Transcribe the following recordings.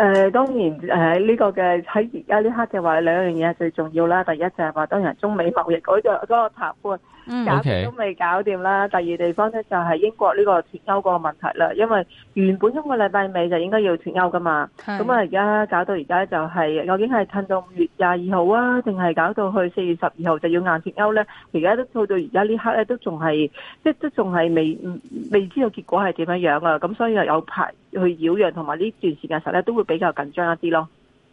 誒、呃、當然誒呢、呃這個嘅喺而家呢刻嘅話，兩樣嘢係最重要啦，第一就係、是、話當然中美貿易嗰、那個嗰、那個談判。搞掂都未搞掂啦，Okay. 第二地方咧就係英國呢個脱歐嗰個問題啦，因為原本今個禮拜尾就應該要脱歐噶嘛，咁啊而家搞到而家就係、是、究竟係撐到五月廿二號啊，定係搞到去四月十二號就要硬脱歐咧？而家都到到而家呢刻咧都仲係即係都仲係未未知道結果係點樣樣啊！咁所以有排去擾攘，同埋呢段時間實咧都會比較緊張一啲咯。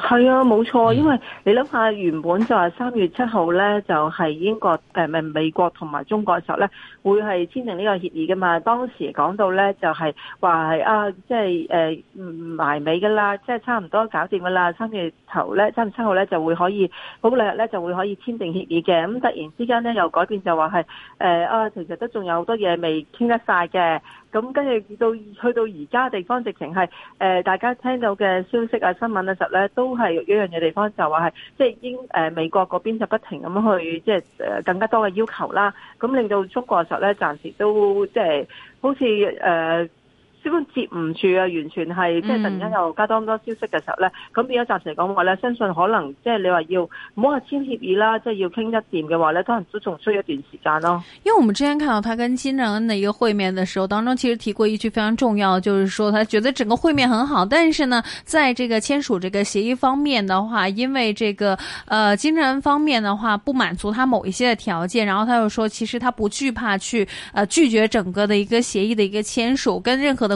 係啊，冇錯，因為你諗下原本就係三月七號呢，就係、是、英國誒，咪美國同埋中國時候呢，會係簽訂呢個協議噶嘛。當時講到呢，就係話係啊，即係誒、啊、埋尾噶啦，即係差唔多搞掂噶啦。三月頭呢，三月七號呢，就會可以，好兩日呢，就會可以簽訂協議嘅。咁、嗯、突然之間呢，又改變就，就話係誒啊，其實都仲有好多嘢未傾得晒嘅。咁跟住到去到而家地方，直情係、呃、大家聽到嘅消息啊、新聞啊，時候咧都係一樣嘅地方，就話係即係英誒、呃、美國嗰邊就不停咁去即係、呃、更加多嘅要求啦，咁、嗯、令到中國實咧暫時都即係好似基本接唔住啊！完全係即係突然間又加多咁多消息嘅時候咧，咁變咗暫時嚟講話咧，相信可能即係你話要唔好話簽協議啦，即係要傾得掂嘅話咧，可能都仲需要一段時間咯。因為我們之前看到他跟金正恩嘅一個會面嘅時候當中，其實提過一句非常重要，就是說他覺得整個會面很好，但是呢，在這個簽署這個協議方面的話，因為這個，呃，金正恩方面的話不滿足他某一些嘅條件，然後他又說其實他不懼怕去，呃，拒絕整個的一個協議的一個簽署，跟任何的。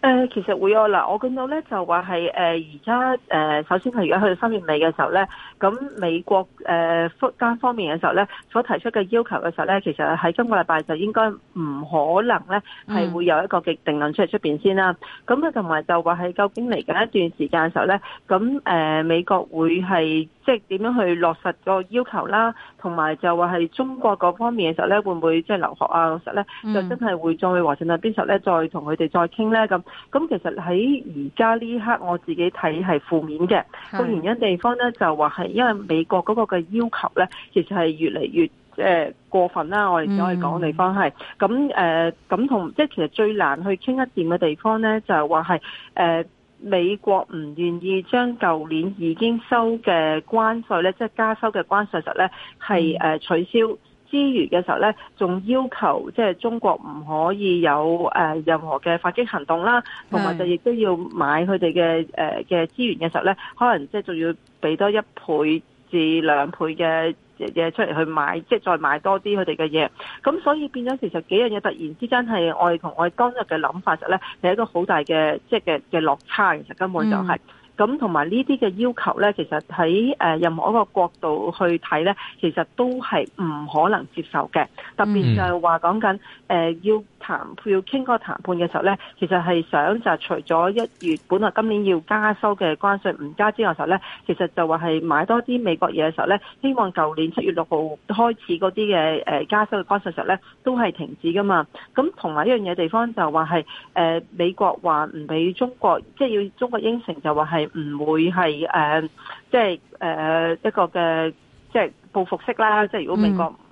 呃、其實會有、啊、嗱，我見到咧就話係誒，而家誒，首先係而家去到三月尾嘅時候咧，咁美國誒、呃、福關方面嘅時候咧，所提出嘅要求嘅時候咧，其實喺今個禮拜就應該唔可能咧係會有一個嘅定論出嚟出面先啦。咁咧同埋就話係究竟嚟緊一段時間嘅時候咧，咁、呃、美國會係即係點樣去落實個要求啦？同埋就話係中國嗰方面嘅時候咧，會唔會即係、就是、留學啊？老實咧就真係會再去華盛頓邊時候咧再同佢哋再傾咧咁。咁其實喺而家呢刻，我自己睇係負面嘅個原因地方咧，就話係因為美國嗰個嘅要求咧，其實係越嚟越、呃、過分啦。我哋只可以講嘅地方係咁誒，咁同、嗯呃、即係其實最難去傾一掂嘅地方咧，就係話係誒美國唔願意將舊年已經收嘅關稅咧，即係加收嘅關稅實咧係、嗯、取消。資源嘅時候咧，仲要求即係中國唔可以有誒任何嘅發擊行動啦，同埋就亦都要買佢哋嘅誒嘅資源嘅時候咧，可能即係仲要俾多一倍至兩倍嘅嘢出嚟去買，即係再買多啲佢哋嘅嘢。咁所以變咗其實幾樣嘢突然之間係我哋同我哋當日嘅諗法實咧係一個好大嘅即係嘅嘅落差，其實根本就係。嗯咁同埋呢啲嘅要求咧，其實喺誒任何一個角度去睇咧，其實都係唔可能接受嘅，特別就係話講緊誒要。談判要傾嗰個談判嘅時候咧，其實係想就除咗一月本來今年要加收嘅關稅唔加之外嘅時候咧，其實就話係買多啲美國嘢嘅時候咧，希望舊年七月六號開始嗰啲嘅誒加收嘅關稅時候咧，都係停止噶嘛。咁同埋一樣嘢地方就話係誒美國話唔俾中國，即係要中國應承就話係唔會係誒，即係誒一個嘅即係報復式啦。即係如果美國、嗯。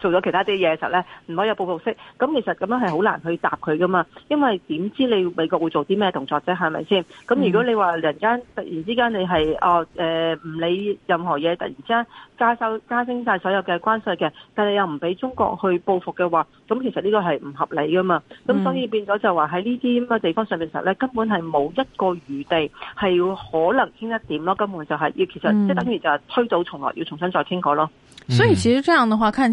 做咗其他啲嘢嘅時候咧，唔可以有報復式。咁其實咁樣係好難去答佢㗎嘛，因為點知你美國會做啲咩動作啫？係咪先？咁如果你話人間突然之間你係哦誒唔理任何嘢，突然之間加收加升晒所有嘅關稅嘅，但係又唔俾中國去報復嘅話，咁其實呢個係唔合理㗎嘛。咁所以變咗就話喺呢啲咁嘅地方上面實咧，根本係冇一個餘地係要可能傾一點咯。根本就係要其實、嗯、即係等於就係推倒重來，要重新再傾過咯。所以其實這樣嘅話，看。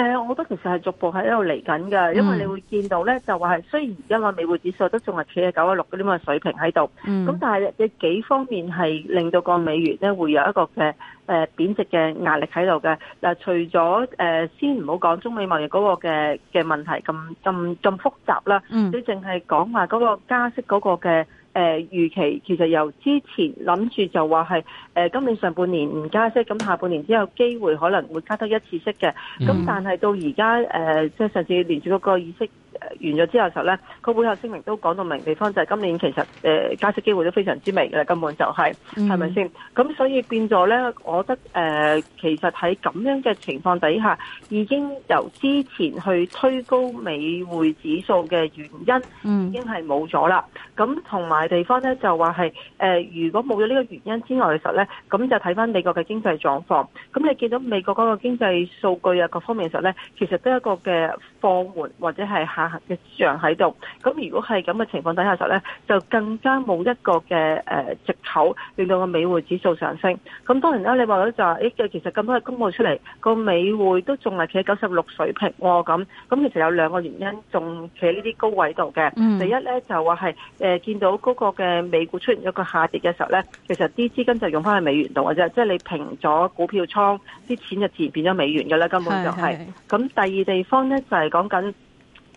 誒，我覺得其實係逐步喺度嚟緊嘅，嗯、因為你會見到咧，就話係雖然而家個美匯指數都仲係企喺九一六嗰啲咁嘅水平喺度，咁、嗯、但係呢幾方面係令到個美元咧會有一個嘅誒、呃、貶值嘅壓力喺度嘅嗱，除咗誒、呃、先唔好講中美貿易嗰個嘅嘅問題咁咁咁複雜啦，你淨係講話嗰個加息嗰個嘅。誒預、呃、期其實由之前諗住就話係誒今年上半年唔加息，咁下半年之後機會可能會加多一次息嘅。咁但係到而家誒，即、呃、係上次聯儲局個意識。完咗之後嘅時候咧，個會後聲明都講到明地方，就係今年其實誒、呃、加息機會都非常之微嘅啦，根本就係、是，係咪先？咁、hmm. 所以變咗咧，我覺得誒、呃，其實喺咁樣嘅情況底下，已經由之前去推高美匯指數嘅原因，mm hmm. 已經係冇咗啦。咁同埋地方咧就話係誒，如果冇咗呢個原因之外嘅時候咧，咁就睇返美國嘅經濟狀況。咁你見到美國嗰個經濟數據啊各方面嘅時候咧，其實都一個嘅放緩或者係下行嘅跡象喺度，咁如果係咁嘅情況底下時候咧，就更加冇一個嘅誒藉口令到個美匯指數上升。咁當然啦，你話咧就話誒其實咁多嘅公佈出嚟，個美匯都仲係企喺九十六水平喎、哦，咁咁其實有兩個原因仲企喺呢啲高位度嘅。嗯、第一咧就話係誒見到嗰個嘅美股出現咗個下跌嘅時候咧，其實啲資金就用翻去美元度嘅啫，即、就、係、是、你平咗股票倉，啲錢就自然變咗美元嘅啦，根本就係、是。咁第二地方咧就係、是。講緊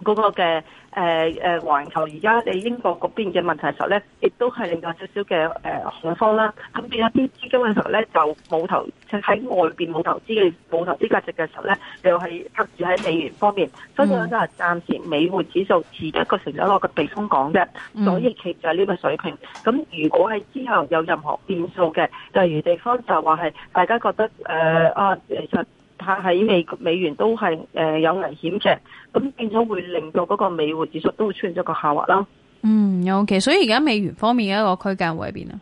嗰個嘅誒誒環球，而家你英國嗰邊嘅問題時候咧，亦都係令到少少嘅誒恐慌啦。咁變咗啲資金嘅時候咧，就冇投即喺外邊冇投資嘅冇投資價值嘅時候咧，又係卡住喺美元方面。嗯、所以都係暫時美匯指數持一個成長落嘅避風港嘅。嗯、所以其係呢個水平。咁如果係之後有任何變數嘅，例如地方就話係大家覺得誒、呃、啊，其實。喺美美元都係誒、呃，有危險嘅，咁變咗會令到嗰個美匯指數都會出現咗個下滑啦。嗯 o、okay, 其所以而家美元方面嘅一個區間會喺邊啊？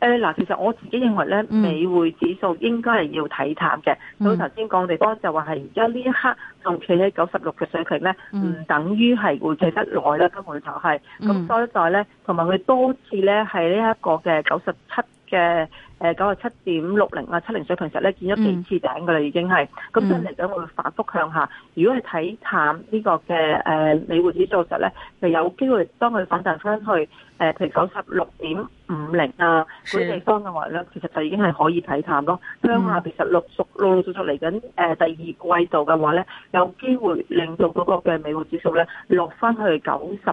誒嗱、呃，其實我自己認為咧，美匯指數應該係要睇淡嘅。咁頭先講地哥就話係而家呢一刻仲企喺九十六嘅水平咧，唔等於係會企得耐啦，根本就係咁多一在咧，同埋佢多次咧係呢一個嘅九十七嘅。誒九十七點六零啊七零水平實咧，見咗幾次頂㗎喇已經係，咁真係嚟講會反覆向下。如果係睇淡呢個嘅誒美匯指數實咧，就有機會當佢反彈翻去誒譬如九十六點五零啊嗰啲地方嘅話咧，的其實就已經係可以睇淡咯。向、嗯、下其實陸續陸陸續續嚟緊誒第二季度嘅話咧，有機會令到嗰個嘅美匯指數咧落翻去九十。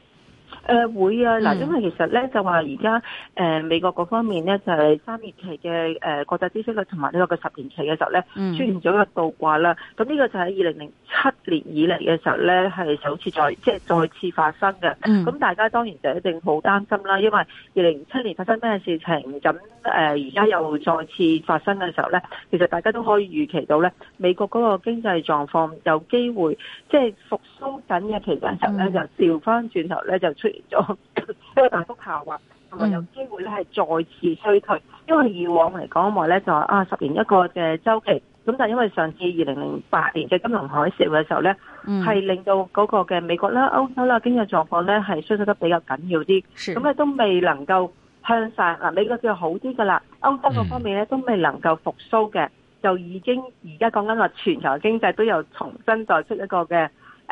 誒、呃、會啊！嗱，因為其實咧就話而家誒美國各方面咧就係三月期嘅誒、呃、國際利息率同埋呢個嘅十年期嘅時候咧、嗯、出現咗一個倒掛啦。咁呢個就係二零零七年以嚟嘅時候咧係首次再即係再次發生嘅。咁、嗯、大家當然就一定好擔心啦，因為二零零七年發生咩事情，咁誒而家又再次發生嘅時候咧，其實大家都可以預期到咧美國嗰個經濟狀況有機會即係、就是、復甦緊嘅期間時候咧、嗯、就調翻轉頭咧就出咗，大幅下滑，同埋有機會咧係再次衰退，嗯、因為以往嚟講嘅話，我咧就話啊十年一個嘅週期，咁但係因為上次二零零八年嘅金融海嘯嘅時候咧，係、嗯、令到嗰個嘅美國啦、歐洲啦經濟狀況咧係衰退得比較緊要啲，咁咧是都未能夠向晒嗱，美國就好啲噶啦，歐洲嗰方面咧都未能夠復甦嘅，就已經而家講緊話全球的經濟都有重新再出一個嘅。誒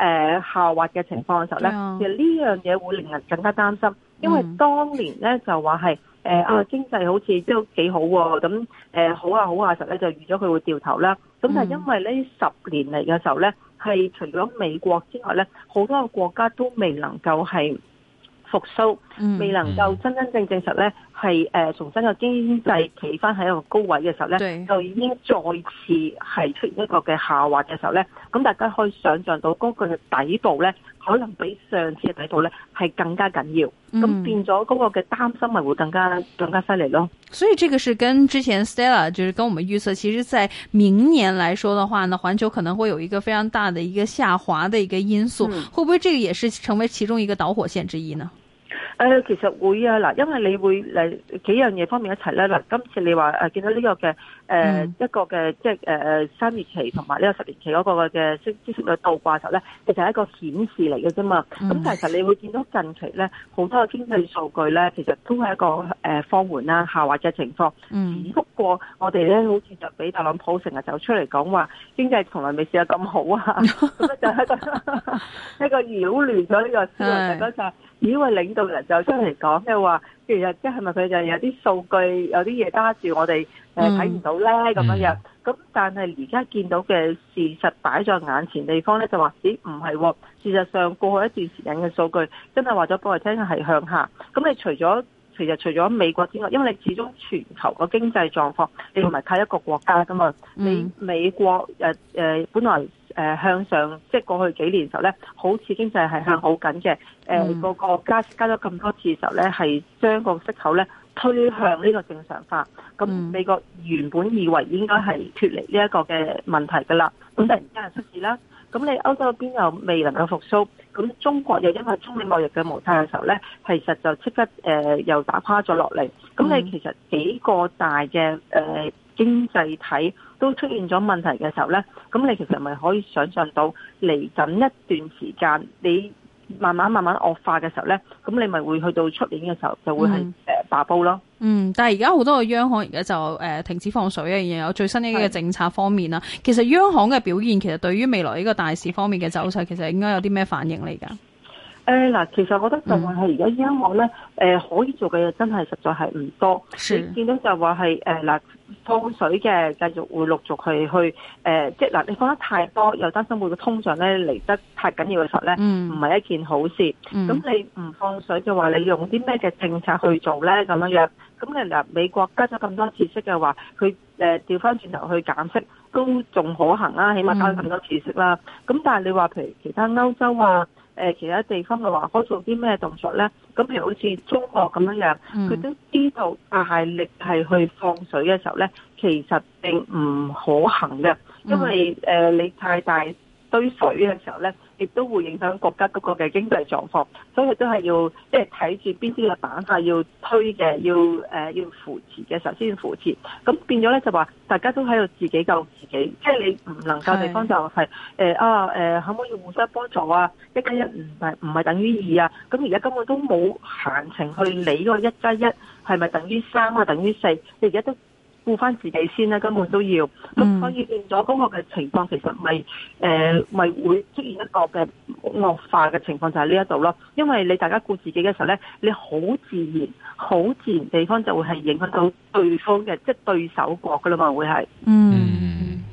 下滑嘅情況嘅時候咧，Yeah. 其實呢樣嘢會令人更加擔心，mm. 因為當年咧就話係誒啊經濟好似都幾好喎、啊，咁誒、呃、好啊好啊呢，實咧就預咗佢會掉頭啦。咁、mm. 但係因為呢十年嚟嘅時候咧，係除咗美國之外咧，好多個國家都未能夠係。復甦未能夠真真正正實咧，係誒重新個經濟企返喺一個高位嘅時候咧，對就已經再次係出現一個嘅下滑嘅時候咧，咁大家可以想象到嗰個底部咧，可能比上次嘅底部咧係更加緊要，咁、嗯、變咗嗰個嘅擔心咪會更加更加犀利咯。所以這個是跟之前 Stella 就是跟我們預測，其實在明年來說嘅話呢，呢環球可能會有一個非常大嘅一個下滑嘅一個因素，嗯、會唔會這個也是成為其中一個導火線之一呢？誒、呃，其實會啊，嗱，因為你會嚟幾樣嘢方面一齊咧，嗱，今次你話誒見到呢個嘅。誒、嗯、一個嘅即係誒誒三月期同埋呢個十年期嗰個嘅息利息率倒掛時候咧，其實係一個顯示嚟嘅啫嘛。咁、嗯、其實你會見到近期咧，好多嘅經濟數據咧，其實都係一個誒放緩啦，下滑嘅情況。只不過我哋咧，好似就俾特朗普成日走出嚟講話經濟從來未試過咁好啊，咁 就係一個一個擾亂咗呢個思維嗰陣，以是為領導人走出嚟講嘅話，其、就、實、是、即係咪佢就是有啲數據有啲嘢揸住我哋？誒，睇唔、嗯、到咧咁樣樣，咁、嗯、但係而家見到嘅事實擺在眼前地方咧，就話咦唔係、哦，事實上過去一段時間嘅數據，真係話咗俾我聽係向下。咁你除咗其實除咗美國之外，因為你始終全球個經濟狀況，你唔係靠一個國家噶嘛，美、嗯、美國誒誒、呃、本來誒、呃、向上，即係過去幾年時候咧，好似經濟係向好緊嘅，誒個、嗯呃、個加加咗咁多次時候咧，係將個息口咧。推向呢個正常化，咁美國原本以為應該係脫離呢一個嘅問題噶啦，咁突、嗯、然間出事啦，咁你歐洲邊又未能夠復甦，咁中國又因為中美貿易嘅摩擦嘅時候呢，其實就即刻、呃、又打垮咗落嚟，咁你其實幾個大嘅誒、呃、經濟體都出現咗問題嘅時候呢，咁你其實咪可以想像到嚟緊一段時間你。慢慢慢慢惡化嘅時候咧，咁你咪會去到出年嘅時候就會係誒大煲咯、嗯。嗯，但係而家好多嘅央行而家就誒、呃、停止放水啊，又有最新呢啲嘅政策方面啦。是其實央行嘅表現其實對於未來呢個大市方面嘅走勢，其實應該有啲咩反應嚟噶？誒嗱、呃，其實我覺得就話係而家央行咧，誒、嗯呃、可以做嘅嘢真係實在係唔多。你是見到就話係誒嗱。呃呃放水嘅，繼續會陸續去去、呃，即係嗱，你放得太多，又擔心會個通脹咧嚟得太緊要嘅時候咧，唔係、嗯、一件好事。咁、嗯、你唔放水就話你用啲咩嘅政策去做咧咁樣，咁其實嗱，美國加咗咁多次息嘅話，佢誒調翻轉頭去減息都仲可行啦、啊，起碼加咁多次息啦。咁、嗯、但係你話譬如其他歐洲啊？誒其他地方嘅話，可做啲咩動作咧？咁譬如好似中國咁樣樣，佢、嗯、都知道大力係去放水嘅時候咧，其實並唔可行嘅，因為、呃、你太大堆水嘅時候咧，亦都會影響國家嗰個嘅經濟狀況，所以都係要即係睇住邊啲嘅板塊要推嘅，要、呃、要扶持嘅，首先扶持。咁變咗咧就話，大家都喺度自己救自己，即、就、係、是、你唔能夠地方就係、是、誒是、欸、啊誒，可唔可以互相幫助啊？一加一唔係唔係等於二啊？咁而家根本都冇閒情去理嗰個一加一係咪等於三啊？等於四？你而家都。顧返自己先啦，根本都要咁，嗯、所以變咗嗰個嘅情況，其實咪誒咪會出現一個嘅惡化嘅情況就係呢一度咯。因為你大家顧自己嘅時候咧，你好自然好自然地方就會係影響到對方嘅，即係對手國噶啦嘛，會係嗯。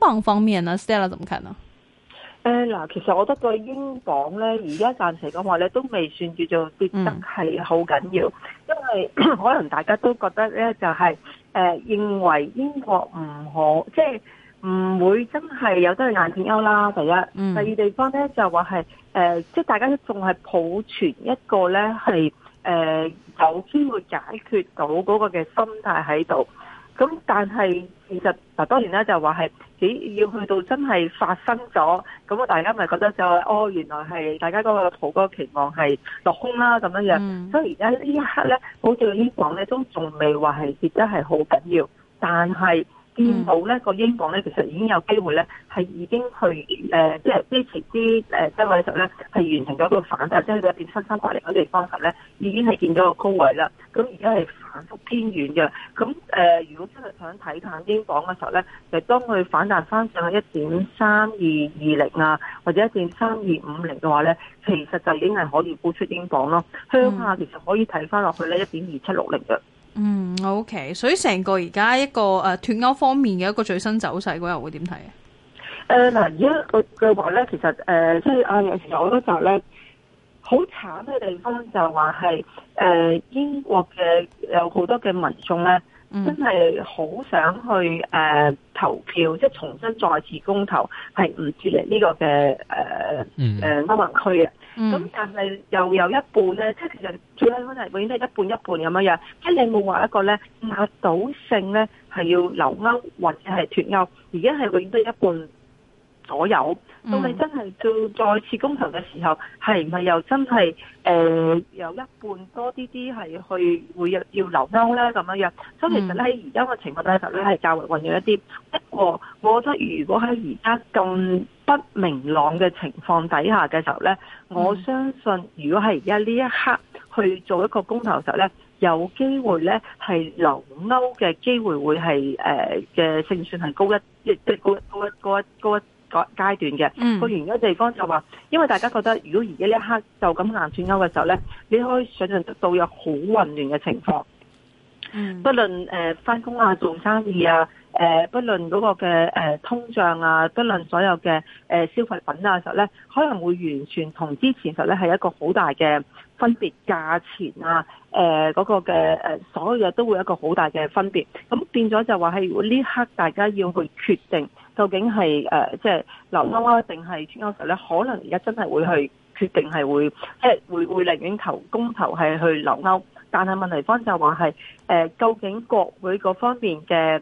鎊方面呢？Stella 點睇呢？誒嗱、呃，其實我覺得個英鎊呢，而家暫時講話呢，都未算叫做跌得係好緊要，嗯、因為可能大家都覺得呢，就係、是、誒、呃、認為英國唔可，即係唔會真係有得去硬欠歐啦。第一，嗯、第二地方呢，就話係誒、即、呃、係、就是、大家都仲係保存一個呢，係誒、呃、有機會解決到嗰個嘅心態喺度。咁但係其實嗱當然啦，就話係只要去到真係發生咗，咁啊大家咪覺得就，哦原來係大家嗰個好嗰個期望係落空啦咁樣樣，mm. 所以而家呢一刻咧，好似英鎊咧都仲未話係跌得係好緊要，但係見到咧，mm. 個英鎊咧其實已經有機會咧係已經去、呃、即係之前啲誒低位嘅時候咧係完成咗個反彈，即係佢跌翻三百零個地方時咧，已經係見到個高位啦。咁而家係。反偏遠嘅，咁誒、嗯，如果真係想睇淡英鎊嘅時候咧，就當佢反彈翻上去一點三二二零啊，或者一點三二五零嘅話咧，其實就已經係可以估出英鎊咯。向下其實可以睇翻落去咧一點二七六零嘅。嗯，OK，所以成個而家一個誒脱歐方面嘅一個最新走勢，我又會點睇啊？誒嗱，而家嘅嘅話咧，其實誒即係阿楊教授咧。好慘嘅地方就話係，誒、呃、英國嘅有好多嘅民眾咧，嗯、真係好想去誒、呃、投票，即係重新再次公投，係唔住嚟呢個嘅誒誒歐盟區嘅。咁、嗯、但係又有一半咧，即係其實最緊要永遠都係一半一半咁樣樣。即你冇話一個咧壓倒性咧係要留歐或者係脱歐？而家係永遠都一半。所有到你真係做再次公投嘅時候，係咪、嗯、又真係誒、呃、有一半多啲啲係去會要留歐咧咁樣樣。所以其實咧喺而家嘅情況咧，就咧係較為混亂一啲。不過，我覺得如果喺而家咁不明朗嘅情況底下嘅時候咧，嗯、我相信如果係而家呢一刻去做一個公投時候咧，有機會咧係留歐嘅機會會係誒嘅勝算係高一即高一高一高一高一。高一高一高一個階段嘅個、嗯、原因地方就話，因為大家覺得如果而家呢一刻就咁硬轉鈎嘅時候咧，你可以想像得到有好混亂嘅情況。嗯，不論誒翻工啊、做生意啊、誒不論嗰個嘅誒通脹啊、不論所有嘅誒消費品啊嘅時候咧，可能會完全同之前實咧係一個好大嘅分別，價錢啊、誒、那、嗰個嘅誒所有嘢都會有一個好大嘅分別。咁變咗就話係呢刻大家要去決定。究竟係誒，即係留歐啊，定係穿歐時候咧？可能而家真係會去決定係會，即係會會寧願投公投係去留歐。但係問題返就話係誒，究竟國會嗰方面嘅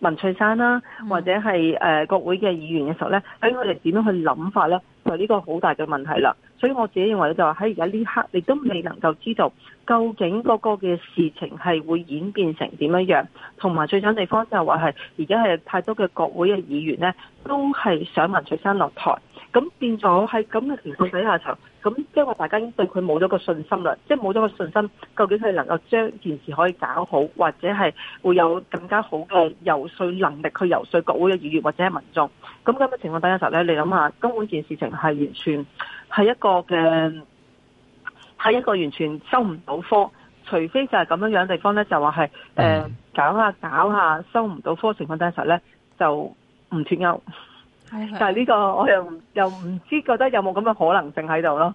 文翠珊啦，或者係誒國會嘅議員嘅時候咧，喺佢哋點樣去諗法咧？就呢個好大嘅問題啦。所以我自己認為就係喺而家呢刻，你都未能夠知道究竟嗰個嘅事情係會演變成點樣，同埋最慘地方就係話係而家係太多嘅國會嘅議員呢，都係想文翠珊落台。咁變咗喺咁嘅情況底下層，咁即係話大家已經對佢冇咗個信心啦，即係冇咗個信心，究竟佢能夠將件事可以搞好，或者係會有更加好嘅遊説能力，去遊説國會嘅議員或者係民眾。咁咁嘅情況底下層呢，你諗下根本件事情係完全。係一個嘅，係、mm. 一個完全收唔到科，除非就係咁樣樣地方咧，就話係誒搞下搞下收唔到科的成分真實咧，就唔脫鈎。係，mm. 但係呢個我又又唔知覺得有冇咁嘅可能性喺度咯。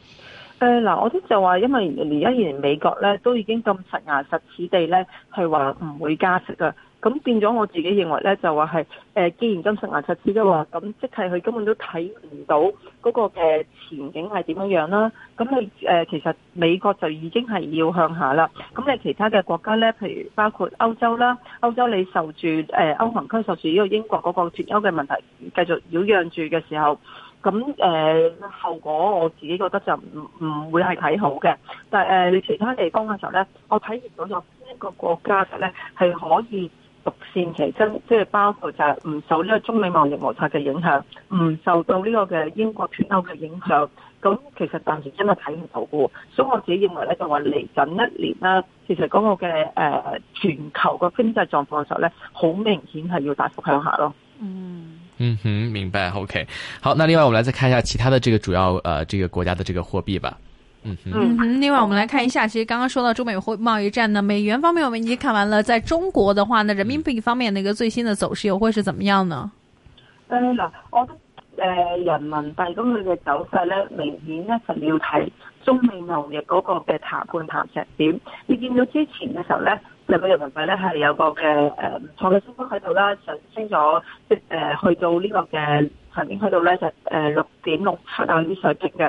誒，嗱、嗯，我啲就話，因為連一年美國咧都已經咁實牙實齒地咧，係話唔會加息啊，咁變咗我自己認為咧，就話係誒，既然咁實牙實齒嘅話，咁即係佢根本都睇唔到嗰個嘅前景係點樣樣啦。咁你誒，其實美國就已經係要向下啦。咁你其他嘅國家咧，譬如包括歐洲啦，歐洲你受住誒，歐盟區受住呢個英國嗰個脱歐嘅問題，繼續擾攘住嘅時候。咁誒、呃、後果我自己覺得就唔唔會係睇好嘅，但係你、呃、其他地方嘅時候咧，我睇唔到有邊一個國家嘅咧係可以獨善其身，即係包括就係唔受呢個中美貿易摩擦嘅影響，唔受到呢個嘅英國脫歐嘅影響。咁其實暫時真係睇唔到嘅，所以我自己認為咧就話嚟緊一年啦，其實嗰個嘅誒、呃、全球嘅經濟狀況嘅時候咧，好明顯係要大幅向下咯。嗯。嗯哼，明白。OK，好，那另外我們來再看一下其他的這個主要呃這個國家的這個貨幣吧。嗯哼，嗯哼，另外我們來看一下，其實剛剛說到中美貨貿易戰呢，美元方面我們已經看完了，在中國的話呢，人民幣方面那個最新的走勢又會是怎麼樣呢？誒、嗯，啦，剛剛我誒人民幣咁佢嘅走勢呢，明顯呢，就要睇中美貿易嗰個嘅談判談成點。你見到之前嘅時候呢。就嗰人民幣咧係有個嘅誒唔錯嘅升幅喺度啦，上升咗即係、呃、去，去到呢個嘅上邊喺度咧就誒六點六七度啲水準嘅，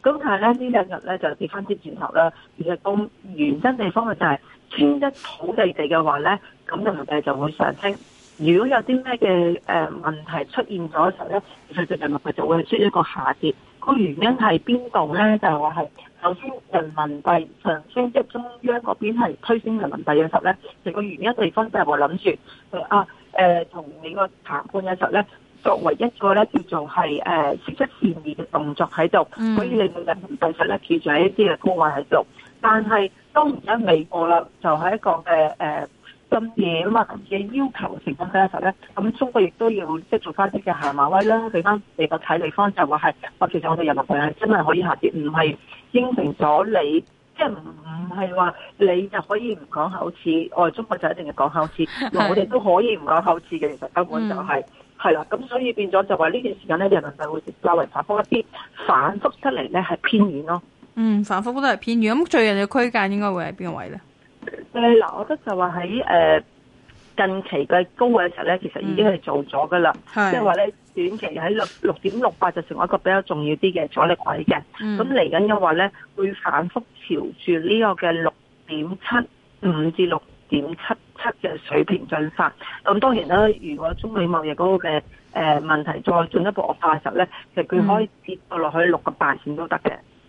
咁但係咧呢兩日咧就跌翻啲轉頭啦。其實咁原因地方咪就係傾得好地地嘅話咧，咁人民幣就會上升；如果有啲咩嘅誒問題出現咗時候咧，其實人民幣就會出一個下跌。個原因係邊度咧？就係、是。首先，人民幣上升，即係中央嗰邊係推升人民幣嘅時候咧，成個原因地方都係我諗住誒啊誒，同、呃、你個談判嘅時候咧，作為一個咧叫做係誒釋出善意嘅動作喺度，嗯、所以令到人民幣實咧企住喺一啲嘅高位喺度，但係當然咧美國啦，就係、是、一個嘅誒。呃咁嘢啊嘛，嘅要求嘅情況底下咧，咁中國亦都要即係做翻啲嘅下馬威啦。畀返外國睇地方就話、是、係，我其實我哋人民幣係真係可以下跌，唔係應承咗你，即係唔係話你就可以唔講口齒，我哋中國就一定要講口齒，我哋都可以唔講口齒嘅。其實根本就係係啦，咁、嗯、所以變咗就話呢段時間咧，人民幣會較為反覆一啲，反覆出嚟咧係偏軟咯。嗯，反覆都係偏軟，咁最近嘅區間應該會喺邊個位咧？誒，嗱，我覺得就話喺誒近期嘅高位嘅時候咧，其實已經係做咗噶啦，即係話咧，短期喺六六點六八就成為一個比較重要啲嘅阻力位嘅。咁嚟緊嘅話咧，會反復朝住呢個嘅六點七五至六點七七嘅水平進發，咁當然啦，如果中美貿易嗰個嘅誒問題再進一步惡化嘅時候咧，其實佢可以跌到落去六個八線都得嘅。嗯。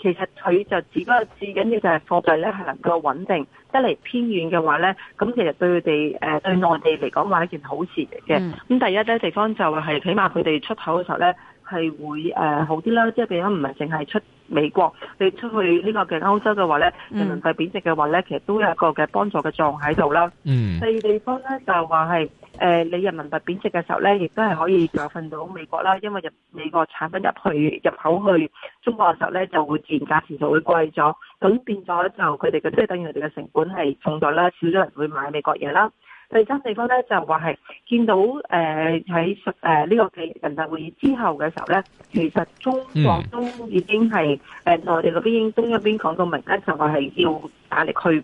其實佢就只不過至緊要就係貨幣咧係能夠穩定得嚟偏遠嘅話咧，咁其實對佢哋誒對內地嚟講話係一件好事嚟嘅。咁、嗯、第一咧地方就係、是、起碼佢哋出口嘅時候咧係會誒、呃、好啲啦，即係比方唔係淨係出美國，你出去呢個嘅歐洲嘅話咧，人、嗯、民幣貶值嘅話咧，其實都有一個嘅幫助嘅作用喺度啦。嗯，第二地方咧就話係。誒，你、呃、人民幣貶值嘅時候咧，亦都係可以教訓到美國啦，因為入美國產品入去入口去中國嘅時候咧，就會自然價錢就會貴咗，咁變咗就佢哋嘅即係等於佢哋嘅成本係重咗啦，少咗人會買美國嘢啦。第三地方咧就話係見到誒喺誒呢個嘅人大會議之後嘅時候咧，其實中國都已經係誒內地嗰邊東一邊講到明咧，就話係要大力去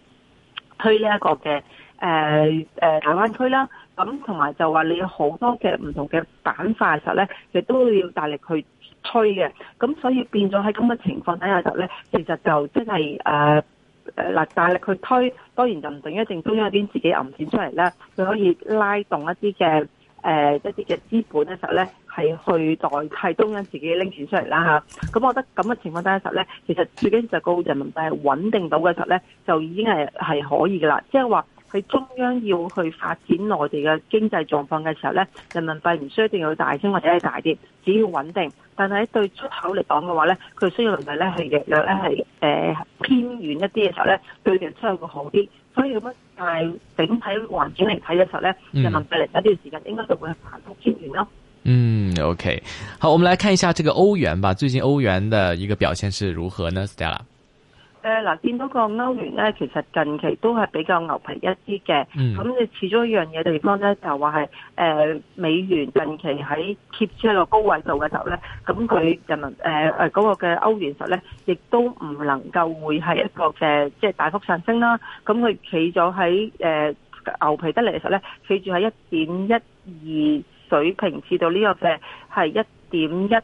推呢一個嘅。誒誒，大、呃呃、灣區啦，咁同埋就話你有好多嘅唔同嘅板塊嘅時候咧，亦都要大力去推嘅。咁所以變咗喺咁嘅情況底下頭咧，其實就即係誒誒嗱，大力去推，當然就唔定一定中央有啲自己揞錢出嚟啦，佢可以拉動一啲嘅誒一啲嘅資本嘅時候咧，係去代替中央自己拎錢出嚟啦咁、啊、我覺得咁嘅情況底下頭咧，其實最緊要就個人民幣係穩定到嘅時候咧，就已經係係可以嘅啦，即係話。佢中央要去發展內地嘅經濟狀況嘅時候咧，人民幣唔需要一定要大升或者係大跌，只要穩定。但係喺對出口嚟講嘅話咧，佢需要人民幣咧係弱弱咧係誒偏軟一啲嘅時候咧，對人出口會好啲。所以咁樣但係整體環境嚟睇嘅時候咧，人民幣嚟緊呢段時間應該就會反覆偏軟咯。嗯，OK，好，我們來看一下這個歐元吧，最近歐元的一個表現是如何呢？Stella。誒，嗱，見到個歐元咧，其實近期都係比較牛皮一啲嘅。咁你、嗯、始終一樣嘢地方咧、就係，就話係，誒美元近期喺 keep 住喺個高位度嘅時候咧，咁佢人民誒誒嗰個嘅歐元實咧，亦都唔能夠會係一個嘅即係大幅上升啦。咁佢企咗喺誒牛皮得嚟嘅時候咧，企住喺一點一二水平，至到呢個嘅係一點一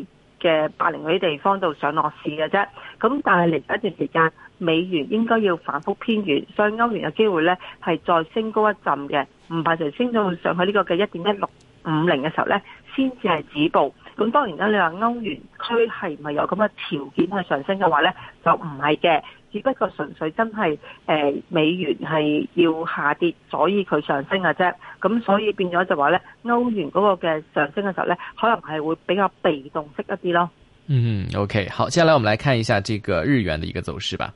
四。嘅八零嗰啲地方度上落市嘅啫，咁但係嚟一段時間，美元應該要反覆偏弱，所以歐元嘅機會呢係再升高一陣嘅，唔排除升到上去呢個嘅一點一六五零嘅時候呢，先至係止步。咁當然啦，你話歐元區係唔係有咁嘅條件去上升嘅話呢，就唔係嘅。只不過純粹真係誒、呃，美元係要下跌，所以佢上升嘅啫。咁所以變咗就話咧，歐元嗰個嘅上升嘅時候咧，可能係會比較被動式一啲咯。嗯，OK，好，接下來我們來看一下這個日元的一個走勢吧。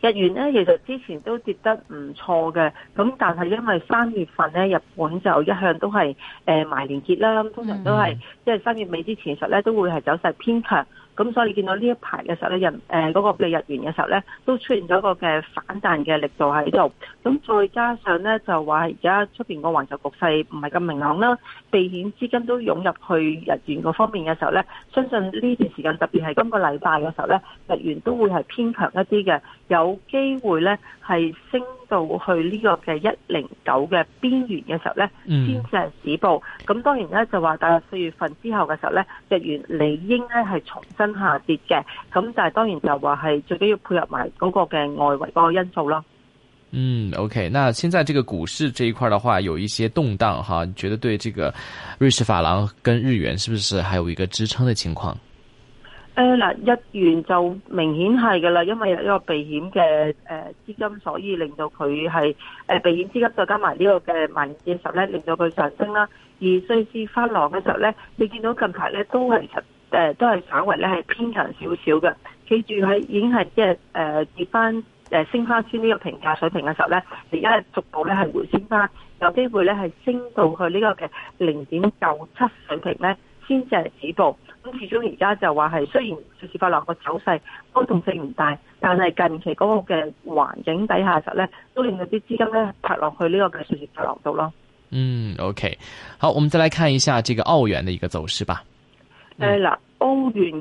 日元咧，其實之前都跌得唔錯嘅，咁但係因為三月份咧，日本就一向都係誒埋連結啦，通常都係即係三月尾之前呢，實咧都會係走勢偏強。咁所以你見到呢一排嘅時候咧，日、那、嗰個日元嘅時候咧，都出現咗一個嘅反彈嘅力度喺度。咁再加上咧，就話而家出面個環球局勢唔係咁明朗啦，避險資金都湧入去日元嗰方面嘅時候咧，相信呢段時間特別係今個禮拜嘅時候咧，日元都會係偏強一啲嘅，有機會咧係升。到去呢個嘅一零九嘅邊緣嘅時候咧，先至係止步。咁當然咧就話，大約四月份之後嘅時候咧，日元理應咧係重新下跌嘅。咁但係當然就話係最緊要配合埋嗰個嘅外圍嗰個因素咯。嗯，OK。那現在這個股市這一塊的話，有一些動盪哈，你覺得對這個瑞士法郎跟日元是不是還有一個支撐的情況？誒嗱、嗯，日元就明顯係噶啦，因為有呢個避險嘅誒資金，所以令到佢係誒避險資金再加埋呢個嘅萬嘅時候咧，令到佢上升啦。而瑞士法郎嘅時候咧，你見到近排咧都係實誒都係稍微咧係偏強少少嘅，企住喺已經係即係誒跌翻誒升翻先呢個平價水平嘅時候咧，而家係逐步咧係回升翻，有機會咧係升到去呢個嘅零點九七水平咧，先至係止步。咁始終而家就話係，雖然瑞士法郎個走勢波動性唔大，但係近期嗰個嘅環境底下實咧，都令到啲資金咧拍落去呢個嘅瑞士法郎度咯。嗯，OK，好，我們再來看一下這個澳元的一個走勢吧。誒、嗯，嗱、呃，澳元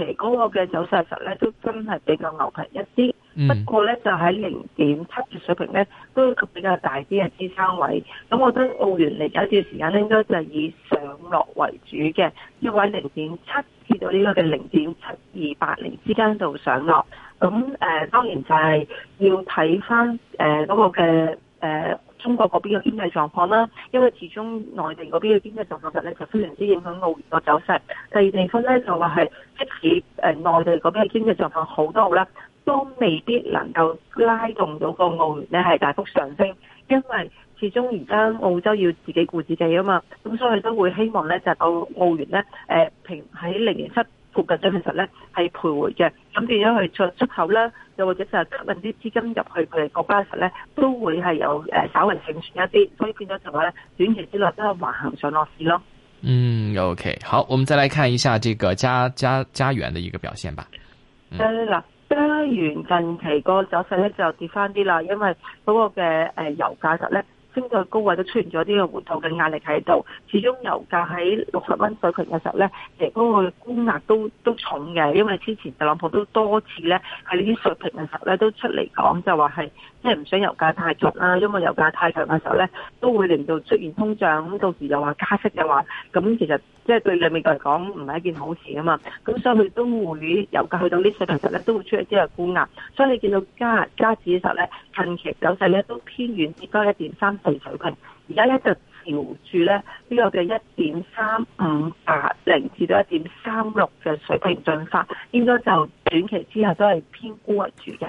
近期嗰個嘅走勢實咧都真係比較牛皮一啲。不過咧就喺零點七嘅水平咧，都比較大啲嘅支撐位。咁我覺得澳元嚟有一段時間咧，應該就係以上落為主嘅，喺零點七至到呢個嘅零點七二八零之間度上落。咁，誒、呃，當然就係要睇翻，誒嗰個嘅誒、呃、中國嗰邊嘅經濟狀況啦。因為始終內地嗰邊嘅經濟狀況咧，就非常之影響澳元個走勢。第二地方咧就話係即使誒內地嗰邊嘅經濟狀況好都好啦。都未必能夠拉動到個澳元咧係大幅上升，因為始終而家澳洲要自己顧自己啊嘛，咁所以都會希望咧就澳澳元咧誒平喺零點七附近嘅水平實咧係徘徊嘅，咁變咗係出出口咧又或者就吸引啲資金入去佢哋國家嘅時候咧都會係有誒稍微勝算一啲，所以變咗就話咧短期之內都係橫行上落市咯。嗯，OK，好，我們再來看一下這個加加加元的一個表現吧。真啦。加元、啊、近期個走勢咧就跌翻啲啦，因為嗰個嘅油價實咧升到高位都出現咗啲嘅回吐嘅壓力喺度。始終油價喺六十蚊水平嘅時候咧，誒嗰個沽壓都都重嘅，因為之前特朗普都多次咧喺呢啲水平嘅時候咧都出嚟講就是是，就話係即係唔想油價太強啦、啊，因為油價太強嘅時候咧都會令到出現通脹，咁到時又話加息又話咁其實。即係對兩面嚟講唔係一件好事啊嘛，咁所以佢都會油價去到呢水平時咧，都會出一啲嘅沽壓，所以你見到加加指實咧，近期走勢咧都偏軟啲，於一點三四水平，而家咧就朝住咧呢、這個嘅一點三五八零至到一點三六嘅水平進發，應該就短期之後都係偏沽壓住嘅。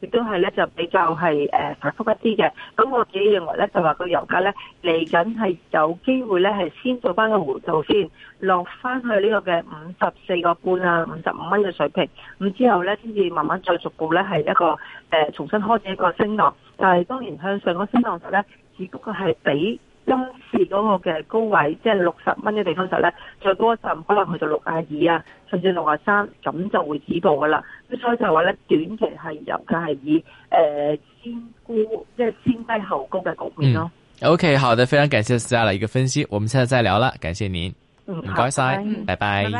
亦都係咧，就比較係誒反覆一啲嘅。咁我自己認為咧，就話個油價咧嚟緊係有機會咧，係先做翻個回調先，落翻去呢個嘅五十四個半啊，五十五蚊嘅水平。咁之後咧，先至慢慢再逐步咧係一個誒重新開始一個升浪。但係當然，向上個升浪時咧，只不過係比。今次嗰個嘅高位，即係六十蚊嘅地方就咧，再嗰一陣可能去到六啊二啊，甚至六啊三，咁就會止步噶啦。所以就話咧，短期係由佢係以誒先高，即係先低後高嘅局面咯。O K，好的，非常感謝司亞佬一個分析，我們下次再聊啦，感謝您，唔該晒，拜拜。